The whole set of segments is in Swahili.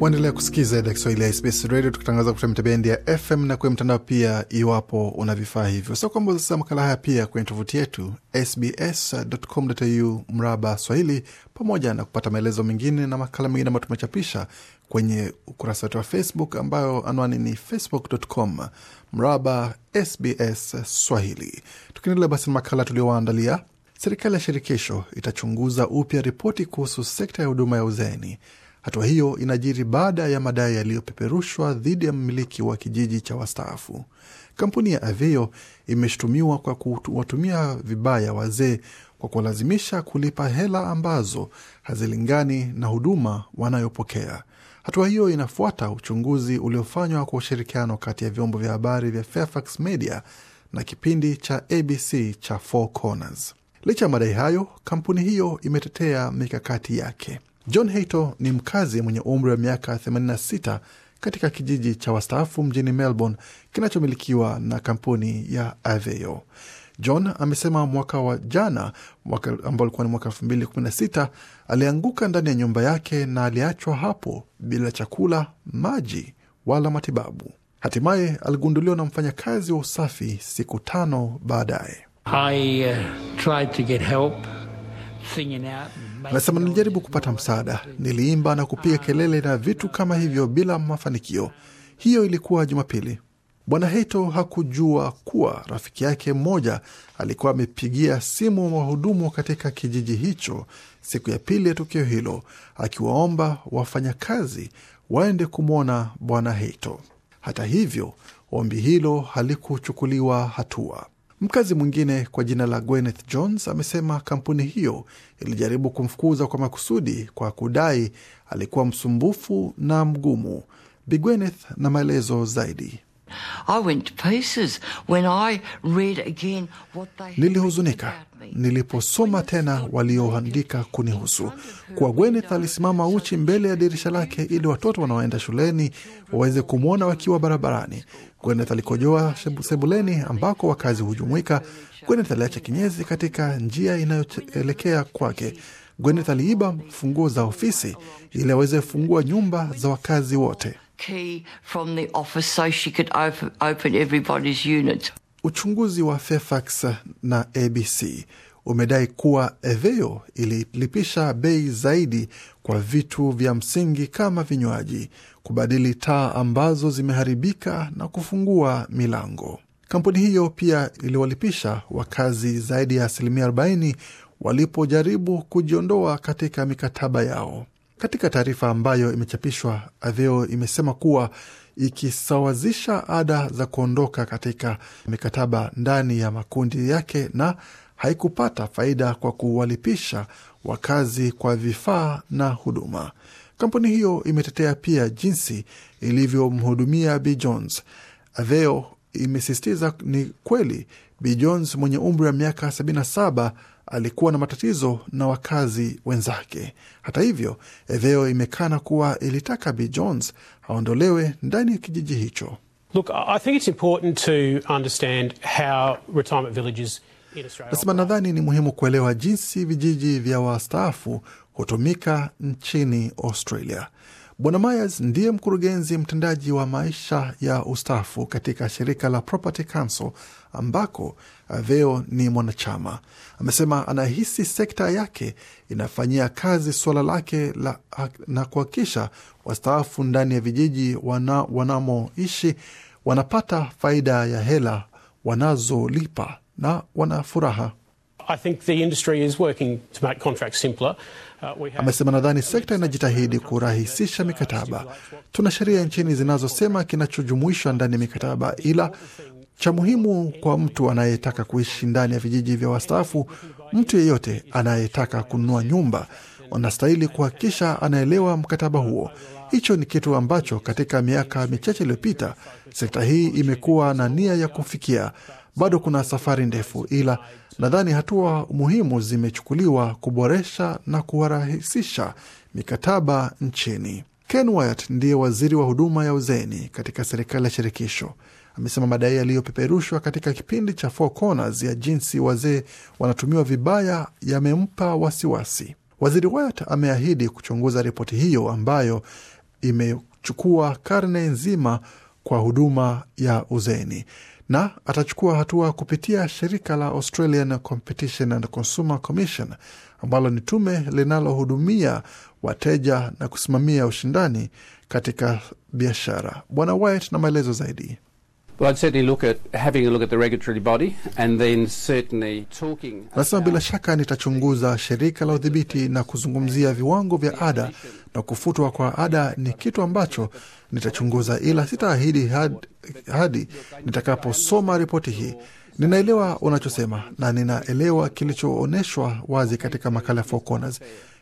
Waendelea kusikiza idhaa Kiswahili ya SBS Radio, tukitangaza kupitia mitabendi ya FM na kwenye mtandao pia, iwapo una vifaa hivyo. sio kwamba sasa makala haya pia kwenye tovuti yetu sbs.com.au mraba Swahili, pamoja na kupata maelezo mengine na makala mengine ambayo tumechapisha kwenye ukurasa wetu wa Facebook, ambayo anwani ni facebook.com mraba SBS Swahili. Tukiendelea basi na makala tuliowaandalia, serikali ya shirikisho itachunguza upya ripoti kuhusu sekta ya huduma ya uzeeni Hatua hiyo inajiri baada ya madai yaliyopeperushwa dhidi ya mmiliki wa kijiji cha wastaafu. Kampuni ya Aveo imeshutumiwa kwa kuwatumia vibaya wazee kwa kuwalazimisha kulipa hela ambazo hazilingani na huduma wanayopokea. Hatua hiyo inafuata uchunguzi uliofanywa kwa ushirikiano kati ya vyombo vya habari vya Fairfax Media na kipindi cha ABC cha Four Corners. Licha ya madai hayo, kampuni hiyo imetetea mikakati yake. John Heito ni mkazi mwenye umri wa miaka 86 katika kijiji cha wastaafu mjini Melbourne kinachomilikiwa na kampuni ya Aveo. John amesema mwaka wa jana ambao ulikuwa ni mwaka elfu alianguka ndani ya nyumba yake na aliachwa hapo bila chakula, maji wala matibabu. Hatimaye aligunduliwa na mfanyakazi wa usafi siku tano baadaye. I, uh, tried to get help. Anasema nilijaribu kupata msaada, niliimba na kupiga kelele na vitu kama hivyo bila mafanikio. Hiyo ilikuwa Jumapili. Bwana Heito hakujua kuwa rafiki yake mmoja alikuwa amepigia simu wahudumu katika kijiji hicho siku ya pili ya tukio hilo, akiwaomba wafanyakazi waende kumwona Bwana Heito. Hata hivyo, ombi hilo halikuchukuliwa hatua. Mkazi mwingine kwa jina la Gwyneth Jones amesema kampuni hiyo ilijaribu kumfukuza kwa makusudi kwa kudai alikuwa msumbufu na mgumu. Bi Gwyneth na maelezo zaidi. Nilihuzunika niliposoma tena walioandika kunihusu, kuwa gweneth alisimama uchi mbele ya dirisha lake ili watoto wanaoenda shuleni waweze kumwona wakiwa barabarani. gweneth alikojoa sebuleni ambako wakazi hujumuika. gweneth aliacha kinyezi katika njia inayoelekea kwake. gweneth aliiba funguo za ofisi ili aweze fungua nyumba za wakazi wote key from the office so she could open, open everybody's unit. Uchunguzi wa Fairfax na ABC umedai kuwa eveo ililipisha bei zaidi kwa vitu vya msingi kama vinywaji, kubadili taa ambazo zimeharibika na kufungua milango. Kampuni hiyo pia iliwalipisha wakazi zaidi ya asilimia 40 walipojaribu kujiondoa katika mikataba yao. Katika taarifa ambayo imechapishwa, Aveo imesema kuwa ikisawazisha ada za kuondoka katika mikataba ndani ya makundi yake na haikupata faida kwa kuwalipisha wakazi kwa vifaa na huduma. Kampuni hiyo imetetea pia jinsi ilivyomhudumia B Jones. Aveo imesisitiza ni kweli Bi Jones mwenye umri wa miaka 77 alikuwa na matatizo na wakazi wenzake. Hata hivyo, Eveo imekana kuwa ilitaka Bi Jones aondolewe ndani ya kijiji hicho. Look, I think it's important to understand how retirement villages in Australia. Nasema nadhani ni muhimu kuelewa jinsi vijiji vya wastaafu hutumika nchini Australia. Bwana Myers ndiye mkurugenzi mtendaji wa maisha ya ustaafu katika shirika la Property Council ambako Aveo uh, ni mwanachama. Amesema anahisi sekta yake inafanyia kazi suala lake la, na kuhakikisha wastaafu ndani ya vijiji wana, wanamoishi wanapata faida ya hela wanazolipa na wana furaha Amesema nadhani sekta inajitahidi kurahisisha mikataba. Tuna sheria nchini zinazosema kinachojumuishwa ndani ya mikataba, ila cha muhimu kwa mtu anayetaka kuishi ndani ya vijiji vya wastaafu, mtu yeyote anayetaka kununua nyumba wanastahili kuhakikisha anaelewa mkataba huo. Hicho ni kitu ambacho katika miaka michache iliyopita sekta hii imekuwa na nia ya kufikia, bado kuna safari ndefu, ila nadhani hatua muhimu zimechukuliwa kuboresha na kuwarahisisha mikataba nchini. Ken Wyatt ndiye waziri wa huduma ya uzeeni katika serikali ya shirikisho amesema madai yaliyopeperushwa katika kipindi cha Four Corners ya jinsi wazee wanatumiwa vibaya yamempa wasiwasi. Waziri Wyatt ameahidi kuchunguza ripoti hiyo ambayo imechukua karne nzima kwa huduma ya uzeeni na atachukua hatua kupitia shirika la Australian Competition and Consumer Commission ambalo ni tume linalohudumia wateja na kusimamia ushindani katika biashara. Bwana White na maelezo zaidi. Nasema bila shaka nitachunguza shirika la udhibiti na kuzungumzia viwango vya ada na kufutwa kwa ada ni kitu ambacho nitachunguza, ila sitaahidi hadi, hadi nitakaposoma ripoti hii. Ninaelewa unachosema na ninaelewa kilichoonyeshwa wazi katika makala ya Four Corners.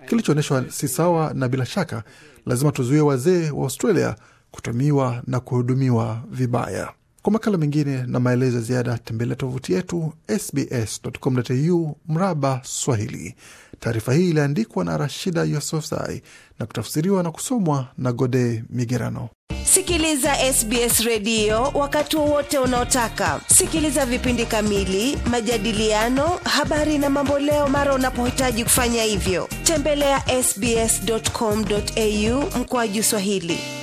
Kilichoonyeshwa si sawa, na bila shaka lazima tuzuie wazee wa Australia kutumiwa na kuhudumiwa vibaya. Kwa makala mengine na maelezo ya ziada tembelea tovuti yetu sbs.com.au mraba Swahili. Taarifa hii iliandikwa na Rashida Yosofzai na kutafsiriwa na kusomwa na Gode Migerano. Sikiliza SBS redio wakati wowote unaotaka. Sikiliza vipindi kamili, majadiliano, habari na mamboleo mara unapohitaji kufanya hivyo. Tembelea ya sbs.com.au mkoaji Swahili.